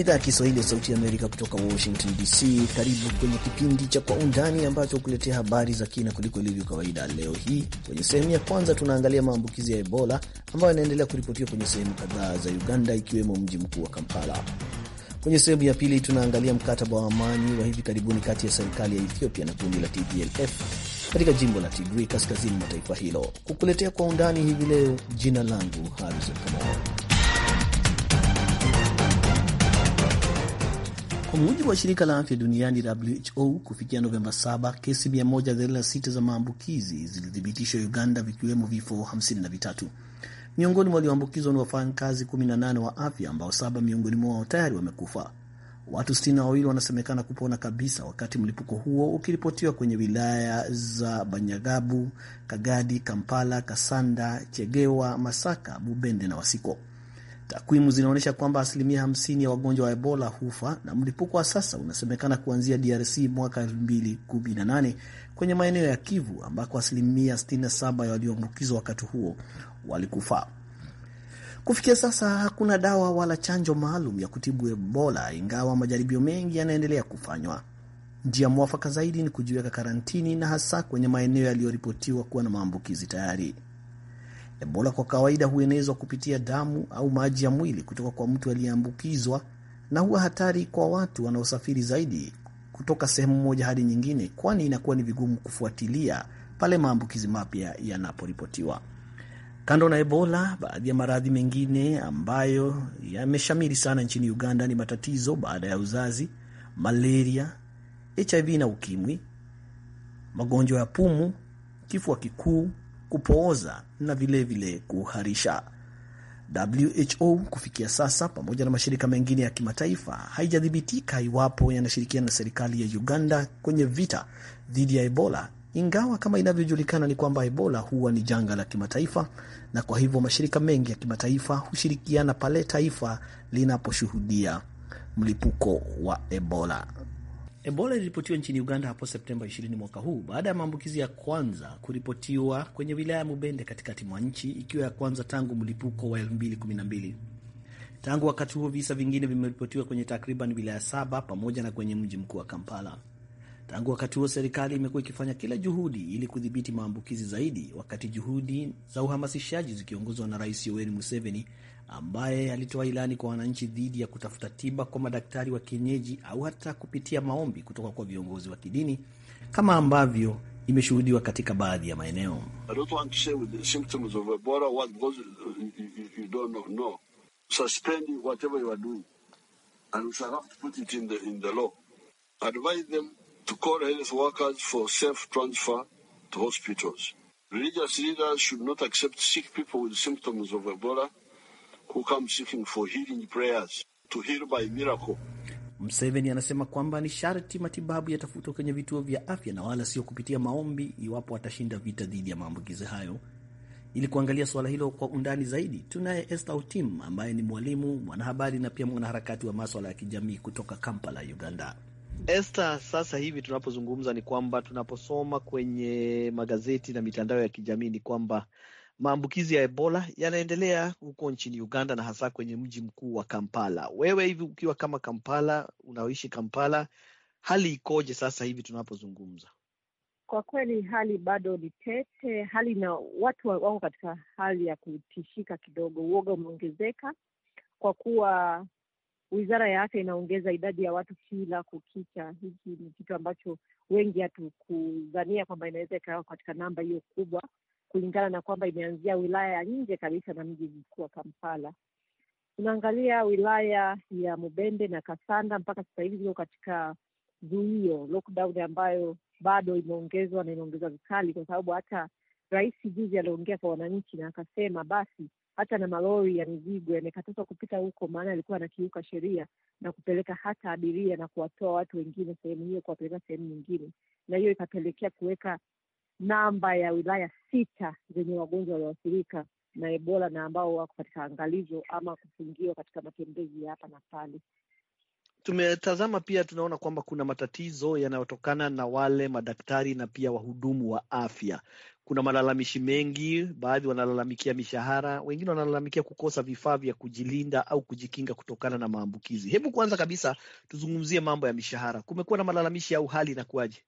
ni idhaa ya Kiswahili ya Sauti ya Amerika kutoka Washington DC. Karibu kwenye kipindi cha Kwa Undani ambacho hukuletea habari za kina kuliko ilivyo kawaida. Leo hii kwenye sehemu ya kwanza tunaangalia maambukizi ya Ebola ambayo yanaendelea kuripotiwa kwenye sehemu kadhaa za Uganda, ikiwemo mji mkuu wa Kampala. Kwenye sehemu ya pili tunaangalia mkataba wa amani wa hivi karibuni kati ya serikali ya Ethiopia na kundi la TPLF katika jimbo la Tigray kaskazini mwa taifa hilo. Kukuletea Kwa Undani hivi leo, jina langu Harrison Kamau. Kwa mujibu wa shirika la afya duniani WHO, kufikia Novemba 7 kesi 136 za maambukizi zilithibitishwa Uganda, vikiwemo vifo 53. Miongoni mwa walioambukizwa ni wafanyakazi 18 wa afya ambao saba miongoni mwao tayari wamekufa. Watu 62 wanasemekana kupona kabisa, wakati mlipuko huo ukiripotiwa kwenye wilaya za Banyagabu, Kagadi, Kampala, Kasanda, Chegewa, Masaka, Bubende na Wasiko. Takwimu zinaonyesha kwamba asilimia 50 ya wagonjwa wa Ebola hufa na mlipuko wa sasa unasemekana kuanzia DRC mwaka 2018 kwenye maeneo ya Kivu ambako asilimia 67 ya walioambukizwa wakati huo walikufa. Kufikia sasa hakuna dawa wala chanjo maalum ya kutibu Ebola, ingawa majaribio mengi yanaendelea kufanywa. Njia mwafaka zaidi ni kujiweka karantini na hasa kwenye maeneo yaliyoripotiwa kuwa na maambukizi tayari. Ebola kwa kawaida huenezwa kupitia damu au maji ya mwili kutoka kwa mtu aliyeambukizwa na huwa hatari kwa watu wanaosafiri zaidi kutoka sehemu moja hadi nyingine, kwani inakuwa ni vigumu kufuatilia pale maambukizi mapya yanaporipotiwa. Kando na Ebola, baadhi ya maradhi mengine ambayo yameshamiri sana nchini Uganda ni matatizo baada ya uzazi, malaria, HIV na ukimwi, magonjwa ya pumu, kifua kikuu, kupooza na vilevile vile kuharisha. WHO kufikia sasa pamoja na mashirika mengine ya kimataifa haijathibitika iwapo yanashirikiana na serikali ya Uganda kwenye vita dhidi ya Ebola, ingawa kama inavyojulikana ni kwamba Ebola huwa ni janga la kimataifa, na kwa hivyo mashirika mengi ya kimataifa hushirikiana pale taifa linaposhuhudia mlipuko wa Ebola. Ebola iliripotiwa nchini Uganda hapo Septemba 20 mwaka huu baada ya maambukizi ya kwanza kuripotiwa kwenye wilaya ya Mubende katikati mwa nchi, ikiwa ya kwanza tangu mlipuko wa 2012. Tangu wakati huo visa vingine vimeripotiwa kwenye takriban wilaya saba pamoja na kwenye mji mkuu wa Kampala. Tangu wakati huo serikali imekuwa ikifanya kila juhudi ili kudhibiti maambukizi zaidi, wakati juhudi za uhamasishaji zikiongozwa na Rais Yoweri Museveni ambaye alitoa ilani kwa wananchi dhidi ya kutafuta tiba kwa madaktari wa kienyeji au hata kupitia maombi kutoka kwa viongozi wa kidini kama ambavyo imeshuhudiwa katika baadhi ya maeneo who come seeking for healing prayers to heal by miracle. Mseveni anasema kwamba ni sharti matibabu yatafutwa kwenye vituo vya afya na wala sio kupitia maombi, iwapo watashinda vita dhidi ya maambukizi hayo. Ili kuangalia suala hilo kwa undani zaidi, tunaye Esther Otim ambaye ni mwalimu, mwanahabari na pia mwanaharakati wa maswala ya kijamii kutoka Kampala, Uganda. Esther, sasa hivi tunapozungumza ni kwamba tunaposoma kwenye magazeti na mitandao ya kijamii ni kwamba maambukizi ya Ebola yanaendelea huko nchini Uganda na hasa kwenye mji mkuu wa Kampala. Wewe hivi ukiwa kama Kampala, unaoishi Kampala, hali ikoje sasa hivi tunapozungumza? Kwa kweli hali bado ni tete, hali na watu wako katika hali ya kutishika kidogo. Uoga umeongezeka kwa kuwa wizara ya afya inaongeza idadi ya watu kila kukicha. Hiki ni kitu ambacho wengi hatukudhania kwamba inaweza ikawa katika namba hiyo kubwa, kulingana na kwamba imeanzia wilaya ya nje kabisa na mji mkuu wa Kampala. Tunaangalia wilaya ya Mubende na Kasanda, mpaka sasa hivi ziko katika zuio lockdown, ambayo bado imeongezwa na imeongezwa vikali, kwa sababu hata rais juzi aliongea kwa wananchi na akasema basi hata na malori ya mizigo yamekatazwa kupita huko, maana alikuwa anakiuka sheria na kupeleka hata abiria na kuwatoa watu wengine sehemu hiyo kuwapeleka sehemu nyingine, na hiyo ikapelekea kuweka namba ya wilaya sita zenye wagonjwa walioathirika na Ebola na ambao wako katika angalizo ama kufungiwa katika matembezi ya hapa na pale. Tumetazama pia, tunaona kwamba kuna matatizo yanayotokana na wale madaktari na pia wahudumu wa afya. Kuna malalamishi mengi, baadhi wanalalamikia mishahara, wengine wanalalamikia kukosa vifaa vya kujilinda au kujikinga kutokana na maambukizi. Hebu kwanza kabisa tuzungumzie mambo ya mishahara. Kumekuwa na malalamishi au hali inakuwaje?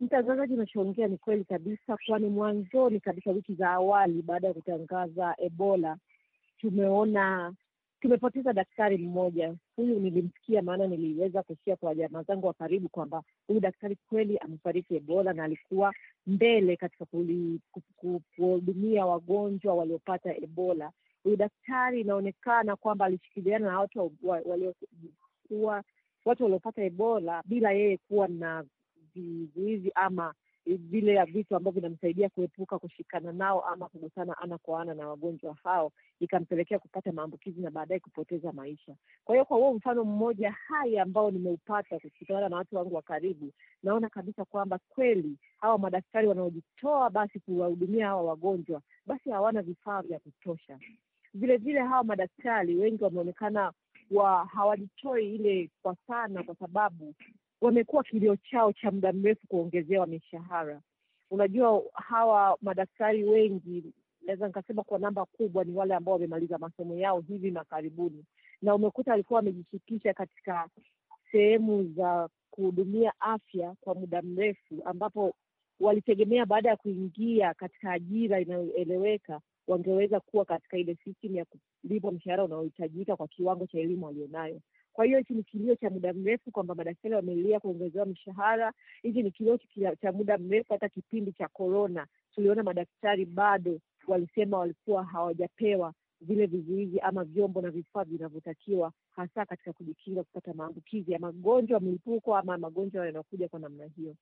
mtangazaji unachoongea ni kweli kabisa, kwani mwanzoni kabisa wiki za awali baada ya kutangaza Ebola tumeona tumepoteza daktari mmoja. Huyu nilimsikia, maana niliweza kusikia kwa jamaa zangu wa karibu kwamba huyu daktari kweli amefariki Ebola, na alikuwa mbele katika kuhudumia wagonjwa waliopata Ebola. Huyu daktari inaonekana kwamba alishikiliana na watu waliokuwa watu waliopata Ebola bila yeye kuwa na vizuizi ama vile ya vitu ambavyo vinamsaidia kuepuka kushikana nao ama kugusana ana kwa ana na wagonjwa hao, ikampelekea kupata maambukizi na baadaye kupoteza maisha. Kwa hiyo, kwa huo mfano mmoja hai ambao nimeupata kutokana na watu wangu wa karibu, naona kabisa kwamba kweli hawa madaktari wanaojitoa basi kuwahudumia hawa wagonjwa, basi hawana vifaa vya kutosha. Vilevile hawa madaktari wengi wameonekana wa hawajitoi ile kwa sana, kwa sababu wamekuwa kilio chao cha muda mrefu kuongezewa mishahara. Unajua, hawa madaktari wengi, naweza nikasema kwa namba kubwa, ni wale ambao wamemaliza masomo yao hivi makaribuni, na umekuta alikuwa amejishikisha katika sehemu za kuhudumia afya kwa muda mrefu, ambapo walitegemea baada ya kuingia katika ajira inayoeleweka wangeweza kuwa katika ile system ya kulipwa mshahara unaohitajika kwa kiwango cha elimu walionayo. Kwa hiyo hichi ni kilio cha muda mrefu kwamba madaktari wamelia kuongezewa mishahara. Hichi ni kilio cha muda mrefu. Hata kipindi cha korona tuliona madaktari bado walisema walikuwa hawajapewa vile vizuizi ama vyombo na vifaa vinavyotakiwa hasa katika kujikinga kupata maambukizi ya magonjwa mlipuko ama magonjwa yanayokuja kwa namna hiyo.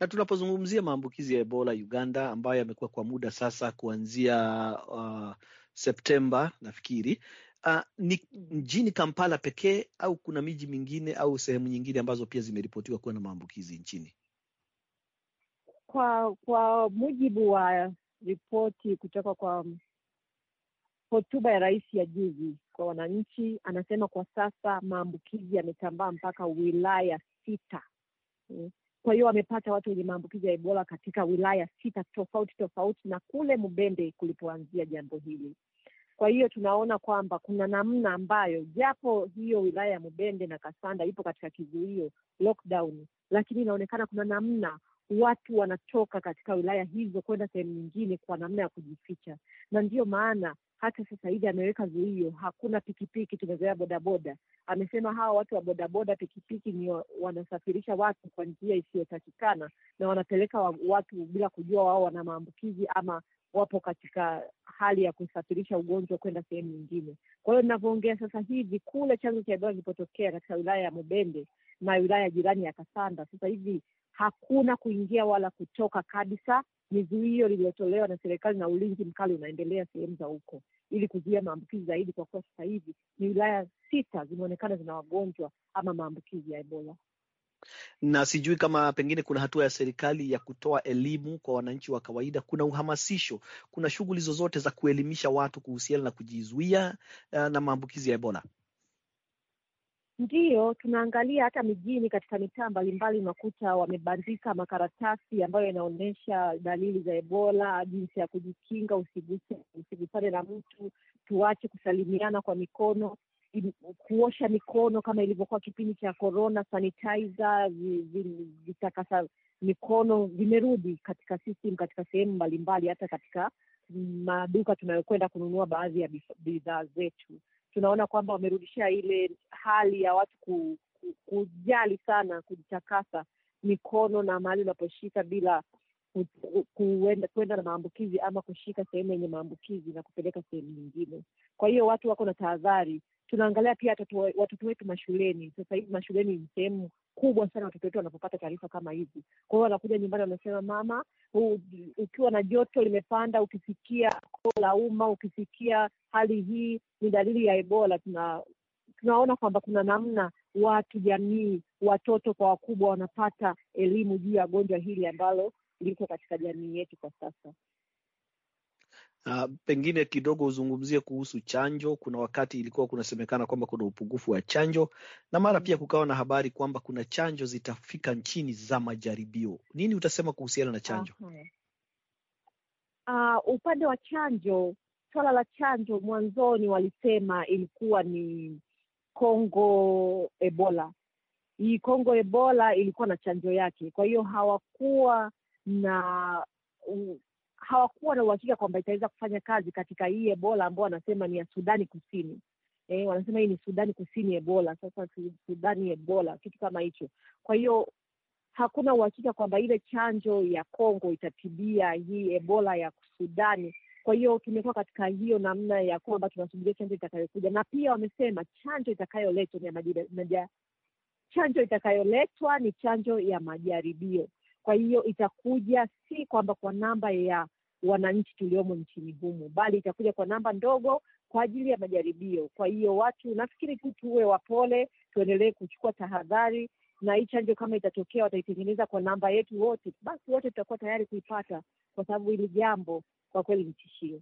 Na tunapozungumzia maambukizi ya Ebola Uganda, ambayo yamekuwa kwa muda sasa kuanzia uh, Septemba nafikiri Uh, ni mm. mjini Kampala pekee au kuna miji mingine au sehemu nyingine ambazo pia zimeripotiwa kuwa na maambukizi nchini? Kwa kwa mujibu wa ripoti kutoka kwa mm, hotuba ya rais ya juzi kwa wananchi, anasema kwa sasa maambukizi yametambaa mpaka wilaya sita. Mm. Kwa hiyo wamepata watu wenye maambukizi ya Ebola katika wilaya sita tofauti tofauti, na kule Mubende kulipoanzia jambo hili kwa hiyo tunaona kwamba kuna namna ambayo japo hiyo wilaya ya Mubende na Kasanda ipo katika kizuio lockdown, lakini inaonekana kuna namna watu wanatoka katika wilaya hizo kwenda sehemu nyingine kwa namna ya kujificha, na ndiyo maana hata sasa hivi ameweka zuio, hakuna pikipiki, tumezoea bodaboda. Amesema hawa watu wa bodaboda, pikipiki ni wanasafirisha watu kwa njia isiyotakikana na wanapeleka wa, watu bila kujua wao wana maambukizi ama wapo katika hali ya kusafirisha ugonjwa kwenda sehemu nyingine. Kwa hiyo ninavyoongea sasa hivi, kule chanzo cha Ebola kilipotokea katika wilaya ya Mubende na wilaya jirani ya Kasanda, sasa hivi hakuna kuingia wala kutoka kabisa. Mizuio liliyotolewa na serikali na ulinzi mkali unaendelea sehemu za huko, ili kuzuia maambukizi zaidi, kwa kuwa sasa hivi ni wilaya sita zimeonekana zina wagonjwa ama maambukizi ya Ebola na sijui kama pengine kuna hatua ya serikali ya kutoa elimu kwa wananchi wa kawaida, kuna uhamasisho, kuna shughuli zozote za kuelimisha watu kuhusiana na kujizuia eh, na maambukizi ya Ebola? Ndiyo, tunaangalia hata mijini, katika mitaa mbalimbali unakuta wamebandika makaratasi ambayo yanaonyesha dalili za Ebola, jinsi ya kujikinga, usigusane na mtu, tuache kusalimiana kwa mikono kuosha mikono kama ilivyokuwa kipindi cha korona, sanitizer, vitakasa mikono vimerudi katika system, katika sehemu mbalimbali, hata katika maduka tunayokwenda kununua baadhi ya bidhaa zetu. Tunaona kwamba wamerudisha ile hali ya watu ku, ku, kujali sana kujitakasa mikono na mahali unaposhika bila kuenda kuenda na maambukizi ama kushika sehemu yenye maambukizi na kupeleka sehemu nyingine. Kwa hiyo watu wako na tahadhari tunaangalia pia watoto wetu mashuleni. Sasa hivi mashuleni ni sehemu kubwa sana watoto wetu wanapopata taarifa kama hizi. Kwa hiyo wanakuja nyumbani, wanasema mama, ukiwa na joto limepanda, ukisikia koo la umma, ukisikia hali hii ni dalili ya Ebola. Tuna tunaona kwamba kuna namna watu, jamii, watoto kwa wakubwa wanapata elimu juu ya gonjwa hili ambalo liko katika jamii yetu kwa sasa na pengine kidogo uzungumzie kuhusu chanjo. Kuna wakati ilikuwa kunasemekana kwamba kuna upungufu wa chanjo, na mara pia kukawa na habari kwamba kuna chanjo zitafika nchini za majaribio. Nini utasema kuhusiana na chanjo? Okay. Uh, ah, upande wa chanjo, swala la chanjo mwanzoni walisema ilikuwa ni Kongo Ebola. Hii Kongo Ebola ilikuwa na chanjo yake, kwa hiyo hawakuwa na hawakuwa na uhakika kwamba itaweza kufanya kazi katika hii Ebola ambao wanasema ni ya Sudani Kusini. Eh, wanasema hii ni Sudani Kusini Ebola. Sasa Sudani Ebola, kitu kama hicho. Kwa hiyo hakuna uhakika kwamba ile chanjo ya Kongo itatibia hii Ebola ya Sudani. Kwa hiyo tumekuwa katika hiyo namna ya kwamba tunasubiria chanjo itakayokuja, na pia wamesema chanjo itakayoletwa ni ya majira, chanjo itakayoletwa ni chanjo ya majaribio. Kwa hiyo itakuja si kwamba kwa namba ya wananchi tuliomo nchini humu, bali itakuja kwa namba ndogo kwa ajili ya majaribio. Kwa hiyo watu, nafikiri tu tuwe wapole, tuendelee kuchukua tahadhari, na hii chanjo kama itatokea wataitengeneza kwa namba yetu wote, basi wote tutakuwa tayari kuipata, kwa sababu hili jambo kwa kweli ni tishio.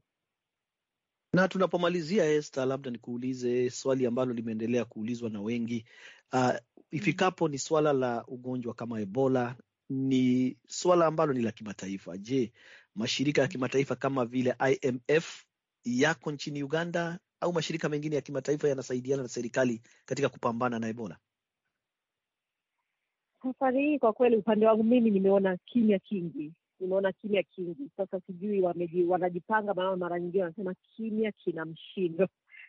Na tunapomalizia, Esther, labda nikuulize swali ambalo limeendelea kuulizwa na wengi uh, ifikapo ni swala la ugonjwa kama Ebola ni swala ambalo ni la kimataifa. Je, mashirika ya kimataifa kama vile IMF yako nchini Uganda au mashirika mengine ya kimataifa yanasaidiana na serikali katika kupambana na Ebola? Safari hii kwa kweli, upande wangu mimi nimeona kimya kingi, nimeona kimya kingi. Sasa sijui wameji, wanajipanga, maana mara nyingine wanasema kimya kina mshindo.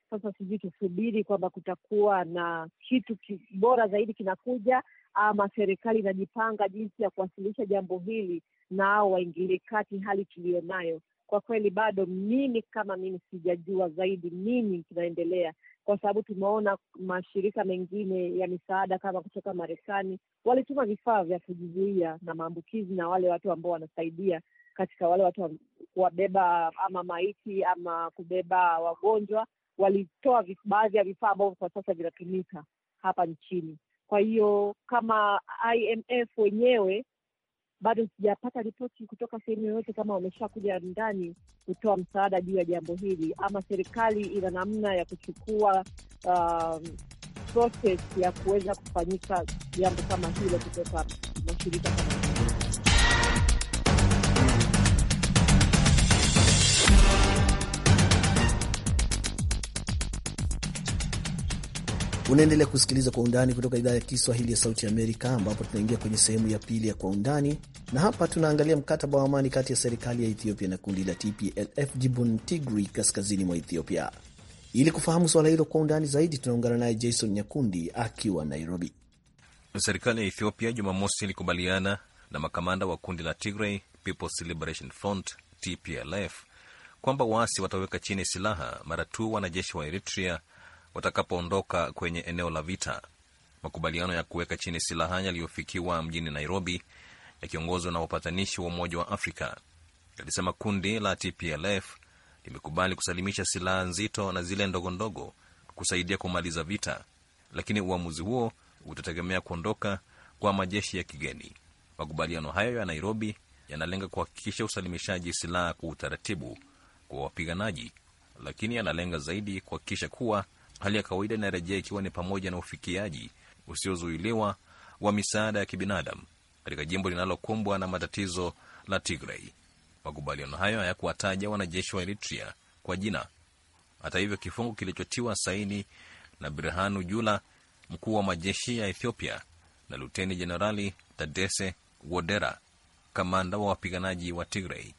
Sasa sijui tusubiri kwamba kutakuwa na kitu bora zaidi kinakuja, ama serikali inajipanga jinsi ya kuwasilisha jambo hili na waingilie kati hali tuliyonayo. Kwa kweli bado mimi kama mimi sijajua zaidi nini kinaendelea, kwa sababu tumeona mashirika mengine ya misaada kama kutoka Marekani walituma vifaa vya kujizuia na maambukizi, na wale watu ambao wanasaidia katika wale watu kuwabeba ama maiti ama kubeba wagonjwa, walitoa baadhi ya vifaa ambavyo kwa sasa vinatumika hapa nchini. Kwa hiyo kama IMF wenyewe bado sijapata ripoti kutoka sehemu yoyote kama wameshakuja ndani kutoa msaada juu ya jambo hili, ama serikali ina namna ya kuchukua uh, process ya kuweza kufanyika jambo kama hilo kutoka mashirika kama Unaendelea kusikiliza Kwa Undani kutoka idhaa ya Kiswahili ya Sauti Amerika, ambapo tunaingia kwenye sehemu ya pili ya Kwa Undani, na hapa tunaangalia mkataba wa amani kati ya serikali ya Ethiopia na kundi la TPLF Jibun Tigri, kaskazini mwa Ethiopia. Ili kufahamu suala hilo kwa undani zaidi, tunaungana naye Jason Nyakundi akiwa Nairobi. Serikali ya Ethiopia Jumamosi ilikubaliana na makamanda wa kundi la Tigray People's Liberation Front TPLF kwamba waasi wataweka chini silaha mara tu wanajeshi wa Eritrea watakapoondoka kwenye eneo la vita. Makubaliano ya kuweka chini silaha yaliyofikiwa mjini Nairobi yakiongozwa na wapatanishi wa Umoja wa Afrika yalisema kundi la TPLF limekubali kusalimisha silaha nzito na zile ndogondogo kusaidia kumaliza vita, lakini uamuzi huo utategemea kuondoka kwa majeshi ya kigeni. Makubaliano hayo ya Nairobi yanalenga kuhakikisha usalimishaji silaha kwa utaratibu kwa wapiganaji, lakini yanalenga zaidi kuhakikisha kuwa Hali ya kawaida inarejea ikiwa ni pamoja na ufikiaji usiozuiliwa wa misaada ya kibinadamu katika jimbo linalokumbwa na matatizo la Tigray. Makubaliano hayo hayakuwataja wanajeshi wa Eritrea kwa jina. Hata hivyo, kifungu kilichotiwa saini na Birhanu Jula, mkuu wa majeshi ya Ethiopia, na luteni jenerali Tadese Wodera, kamanda wa wapiganaji wa Tigray,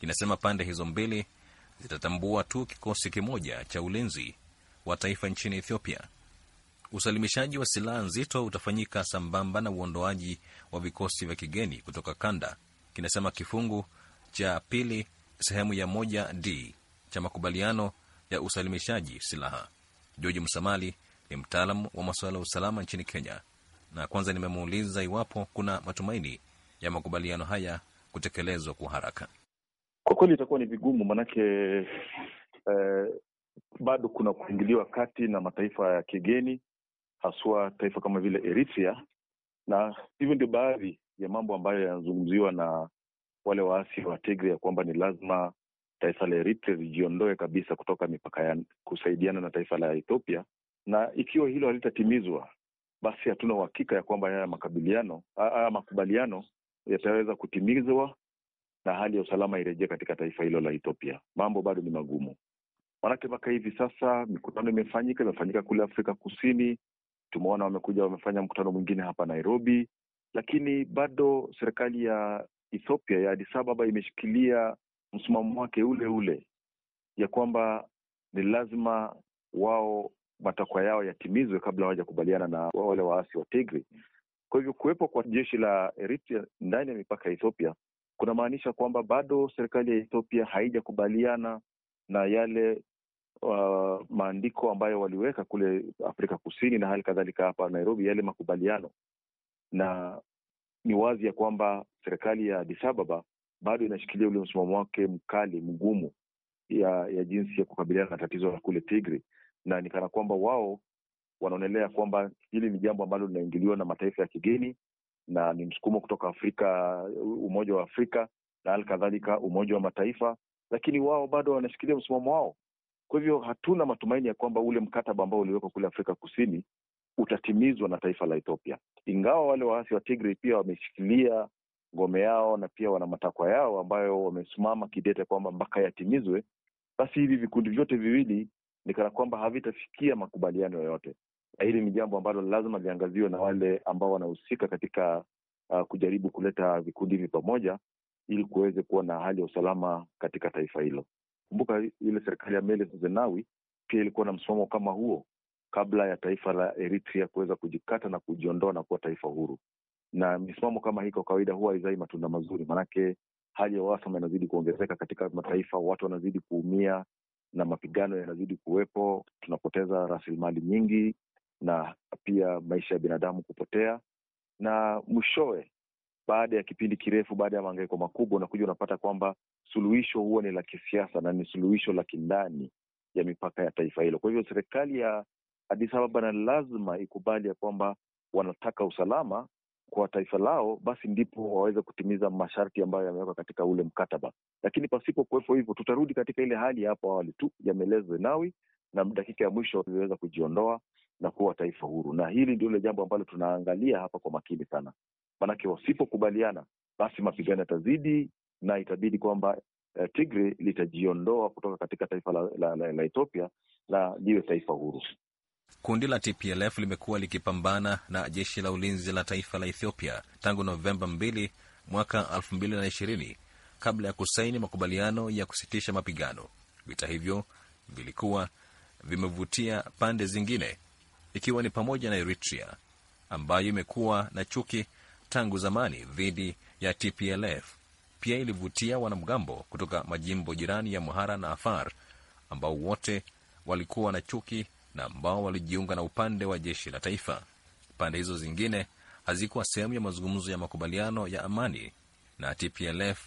kinasema pande hizo mbili zitatambua tu kikosi kimoja cha ulinzi wa taifa nchini Ethiopia. Usalimishaji wa silaha nzito utafanyika sambamba na uondoaji wa vikosi vya kigeni kutoka kanda, kinasema kifungu cha pili sehemu ya moja d cha makubaliano ya usalimishaji silaha. George Msamali ni mtaalam wa masuala ya usalama nchini Kenya, na kwanza nimemuuliza iwapo kuna matumaini ya makubaliano haya kutekelezwa kwa haraka. Kwa kweli itakuwa ni vigumu, manake eh, bado kuna kuingiliwa kati na mataifa ya kigeni, haswa taifa kama vile Eritrea, na hivyo ndio baadhi ya mambo ambayo yanazungumziwa na wale waasi wa Tigray ya kwamba ni lazima taifa la Eritrea lijiondoe kabisa kutoka mipaka ya kusaidiana na taifa la Ethiopia, na ikiwa hilo halitatimizwa basi hatuna uhakika ya kwamba haya makabiliano haya makubaliano yataweza kutimizwa na hali ya usalama irejee katika taifa hilo la Ethiopia. Mambo bado ni magumu. Maanake mpaka hivi sasa mikutano imefanyika, imefanyika kule Afrika Kusini, tumeona wamekuja wamefanya mkutano mwingine hapa Nairobi, lakini bado serikali ya Ethiopia ya Addis Ababa imeshikilia msimamo wake ule ule ya kwamba ni lazima wao matakwa yao yatimizwe kabla hawajakubaliana na wale waasi wa Tigri. Kwa hivyo kuwepo kwa jeshi la Eritrea ndani ya mipaka ya Ethiopia kunamaanisha kwamba bado serikali ya Ethiopia haijakubaliana na yale uh, maandiko ambayo waliweka kule Afrika Kusini na hali kadhalika hapa Nairobi, yale makubaliano, na ni wazi ya kwamba serikali ya Addis Ababa bado inashikilia ule msimamo wake mkali mgumu ya ya jinsi ya kukabiliana na tatizo la kule Tigri, na ni kana kwamba wao wanaonelea kwamba hili ni jambo ambalo linaingiliwa na mataifa ya kigeni na ni msukumo kutoka Afrika, Umoja wa Afrika na hali kadhalika Umoja wa Mataifa, lakini wao bado wanashikilia msimamo wao kwa hivyo hatuna matumaini ya kwamba ule mkataba ambao uliwekwa kule Afrika Kusini utatimizwa na taifa la Ethiopia, ingawa wale waasi wa Tigray pia wameshikilia ngome yao na pia wana matakwa yao ambayo wamesimama kidete kwamba mpaka yatimizwe. Basi hivi vikundi vyote viwili ni kana kwamba havitafikia makubaliano yoyote, na hili ni jambo ambalo lazima liangaziwe na wale ambao wanahusika katika uh, kujaribu kuleta vikundi hivi pamoja ili kuweze kuwa na hali ya usalama katika taifa hilo. Kumbuka ile serikali ya Meles Zenawi pia ilikuwa na msimamo kama huo kabla ya taifa la Eritrea kuweza kujikata na kujiondoa na kuwa taifa huru, na misimamo kama hii kwa kawaida huwa haizai matunda mazuri, maanake hali ya uhasama inazidi kuongezeka katika mataifa, watu wanazidi kuumia na mapigano yanazidi kuwepo, tunapoteza rasilimali nyingi na pia maisha ya binadamu kupotea, na mwishowe baada ya kipindi kirefu, baada ya maangaiko makubwa, unakuja unapata kwamba suluhisho huwa ni la kisiasa na ni suluhisho la kindani ya mipaka ya taifa hilo. Kwa hivyo serikali ya Addis Ababa na lazima ikubali ya kwamba wanataka usalama kwa taifa lao, basi ndipo waweze kutimiza masharti ambayo yamewekwa katika ule mkataba. Lakini pasipo kuwepo hivyo, tutarudi katika ile hali ya hapo awali tu ya Meles Zenawi, na dakika ya mwisho iliweza kujiondoa na kuwa taifa huru, na hili ndio ile jambo ambalo tunaangalia hapa kwa makini sana. Manake wasipokubaliana, basi mapigano yatazidi na itabidi kwamba eh, Tigre litajiondoa kutoka katika taifa la, la, la, la Ethiopia na liwe taifa huru. Kundi la TPLF limekuwa likipambana na jeshi la ulinzi la taifa la Ethiopia tangu Novemba 2 mwaka 2020 kabla ya kusaini makubaliano ya kusitisha mapigano. Vita hivyo vilikuwa vimevutia pande zingine ikiwa ni pamoja na Eritrea ambayo imekuwa na chuki tangu zamani dhidi ya TPLF. Pia ilivutia wanamgambo kutoka majimbo jirani ya Amhara na Afar ambao wote walikuwa na chuki na ambao walijiunga na upande wa jeshi la taifa. Pande hizo zingine hazikuwa sehemu ya mazungumzo ya makubaliano ya amani, na TPLF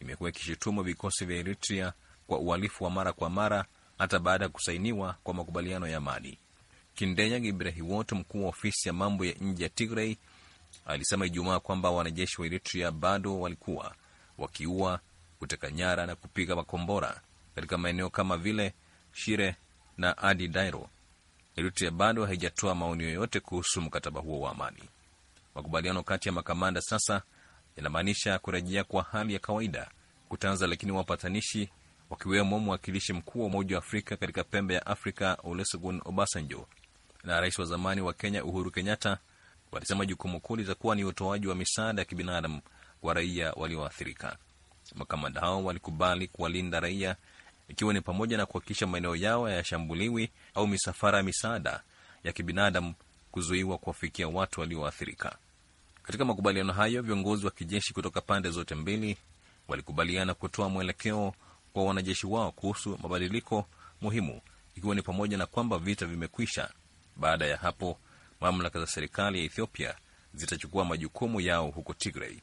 imekuwa ikishutumu vikosi vya Eritrea kwa uhalifu wa mara kwa mara hata baada ya kusainiwa kwa makubaliano ya amani. Kindenya Gibrehiwot, mkuu wa ofisi ya mambo ya nje ya Tigray, alisema Ijumaa kwamba wanajeshi wa Eritrea bado walikuwa wakiua, kuteka nyara na kupiga makombora katika maeneo kama vile Shire na Adi Dairo. Eritrea bado haijatoa maoni yoyote kuhusu mkataba huo wa amani. Makubaliano kati ya makamanda sasa yanamaanisha kurejea kwa hali ya kawaida kutanza, lakini wapatanishi wakiwemo mwakilishi mkuu wa Umoja wa Afrika katika pembe ya Afrika Olusegun Obasanjo na rais wa zamani wa Kenya Uhuru Kenyatta walisema jukumu kuu litakuwa ni utoaji wa misaada ya kibinadamu kwa raia walioathirika. Makamanda hao walikubali kuwalinda raia, ikiwa ni pamoja na kuhakikisha maeneo yao hayashambuliwi au misafara ya misaada ya kibinadamu kuzuiwa kuwafikia watu walioathirika. Katika makubaliano hayo, viongozi wa kijeshi kutoka pande zote mbili walikubaliana kutoa mwelekeo kwa wanajeshi wao kuhusu mabadiliko muhimu, ikiwa ni pamoja na kwamba vita vimekwisha. Baada ya hapo mamlaka za serikali ya Ethiopia zitachukua majukumu yao huko Tigray.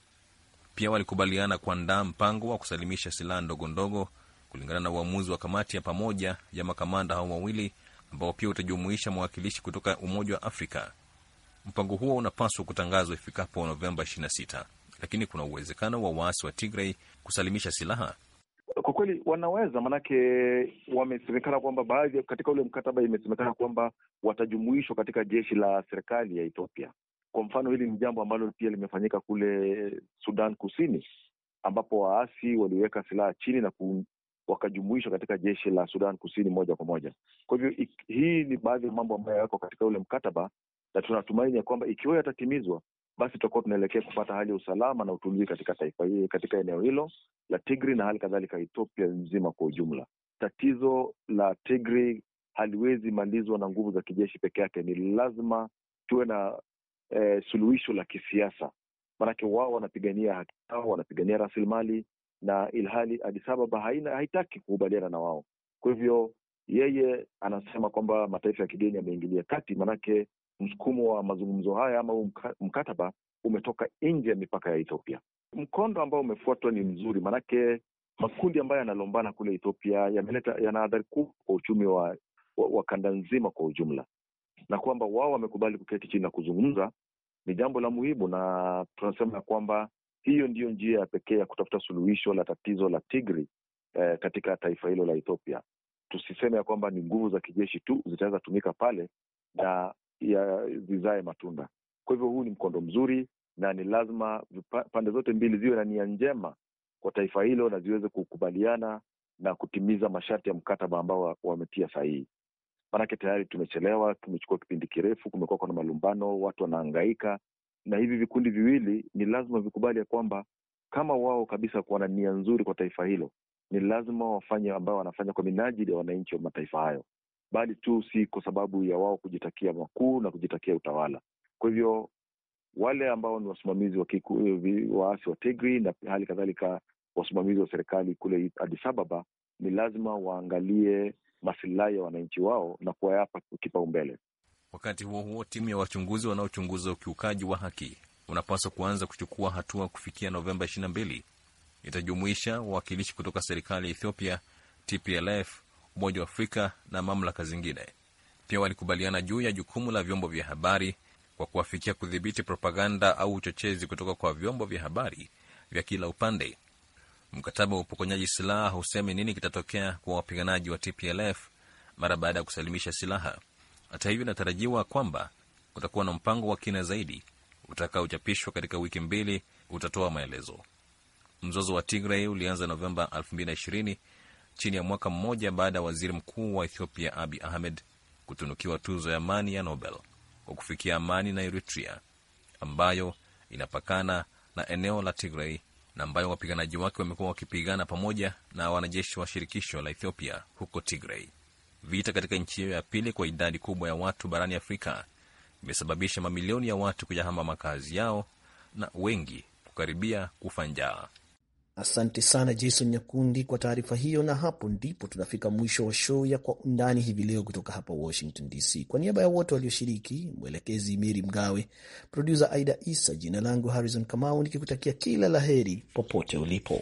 Pia walikubaliana kuandaa mpango wa kusalimisha silaha ndogo ndogo kulingana na uamuzi wa kamati ya pamoja ya makamanda hao wawili ambao pia utajumuisha mwakilishi kutoka Umoja wa Afrika. Mpango huo unapaswa kutangazwa ifikapo Novemba 26, lakini kuna uwezekano wa waasi wa Tigray kusalimisha silaha kwa kweli wanaweza, maanake wamesemekana kwamba baadhi katika ule mkataba imesemekana kwamba watajumuishwa katika jeshi la serikali ya Ethiopia. Kwa mfano, hili ni jambo ambalo pia limefanyika kule Sudan Kusini, ambapo waasi waliweka silaha chini na ku, wakajumuishwa katika jeshi la Sudan Kusini moja kwa moja. Kwa hivyo hii ni baadhi ya mambo ambayo yako katika ule mkataba, na tunatumaini ya kwamba ikiwa yatatimizwa basi tutakuwa tunaelekea kupata hali ya usalama na utulivu katika taifa hili, katika eneo hilo la Tigri na hali kadhalika Ethiopia nzima kwa ujumla. Tatizo la Tigri haliwezi malizwa na nguvu za kijeshi peke yake, ni lazima tuwe na eh, suluhisho la kisiasa, maanake wao wanapigania haki zao, wanapigania rasilimali na ilhali Addis Ababa haina haitaki kukubaliana na wao. Kwa hivyo yeye anasema kwamba mataifa ya kigeni yameingilia kati, maanake msukumo wa mazungumzo haya ama mkataba umetoka nje ya mipaka ya Ethiopia. Mkondo ambao umefuatwa ni mzuri, maanake makundi ambayo yanalombana kule Ethiopia yameleta yana athari kubwa kwa uchumi wa, wa, wa kanda nzima kwa ujumla, na kwamba wao wamekubali kuketi chini na kuzungumza ni jambo la muhimu, na tunasema ya kwamba hiyo ndiyo njia ya pekee ya kutafuta suluhisho la tatizo la Tigri eh, katika taifa hilo la Ethiopia. Tusiseme ya kwamba ni nguvu za kijeshi tu zitaweza tumika pale, na ya zizae matunda. Kwa hivyo huu ni mkondo mzuri na ni lazima pande zote mbili ziwe na nia njema kwa taifa hilo na ziweze kukubaliana na kutimiza masharti ya mkataba ambao wametia sahihi. Maanake tayari tumechelewa, tumechukua kipindi kirefu, kumekuwa na malumbano, watu wanaangaika na hivi vikundi viwili ni lazima vikubali ya kwamba kama wao kabisa kuwa na nia nzuri kwa taifa hilo, ni lazima wafanye ambao wanafanya kwa minajili ya wananchi wa mataifa hayo bali tu si kwa sababu ya wao kujitakia makuu na kujitakia utawala. Kwa hivyo wale ambao ni wasimamizi wa eh, waasi wa Tigri na hali kadhalika wasimamizi wa serikali kule Addis Ababa ni lazima waangalie masilahi ya wananchi wao na kuwayapa kipaumbele. Wakati huo huo, timu ya wachunguzi wanaochunguza ukiukaji wa haki unapaswa kuanza kuchukua hatua kufikia Novemba 22. Itajumuisha wawakilishi kutoka serikali ya Ethiopia, TPLF, Umoja wa Afrika na mamlaka zingine. Pia walikubaliana juu ya jukumu la vyombo vya habari kwa kuwafikia kudhibiti propaganda au uchochezi kutoka kwa vyombo vya habari vya kila upande. Mkataba wa upokonyaji silaha husemi nini kitatokea kwa wapiganaji wa TPLF mara baada ya kusalimisha silaha. Hata hivyo, inatarajiwa kwamba kutakuwa na mpango wa kina zaidi utakaochapishwa katika wiki mbili utatoa maelezo. Mzozo wa Tigray ulianza Novemba chini ya mwaka mmoja baada ya waziri mkuu wa Ethiopia Abi Ahmed kutunukiwa tuzo ya amani ya Nobel kwa kufikia amani na Eritrea ambayo inapakana na eneo la Tigray na ambayo wapiganaji wake wamekuwa wakipigana pamoja na wanajeshi wa shirikisho la Ethiopia huko Tigray. Vita katika nchi hiyo ya pili kwa idadi kubwa ya watu barani Afrika imesababisha mamilioni ya watu kuyahama makazi yao na wengi kukaribia kufa njaa. Asante sana Jason Nyakundi kwa taarifa hiyo, na hapo ndipo tunafika mwisho wa show ya Kwa Undani hivi leo kutoka hapa Washington DC. Kwa niaba ya wote walioshiriki, mwelekezi Miri Mgawe, produsa Aida Isa, jina langu Harrison Kamau, nikikutakia kila laheri popote ulipo.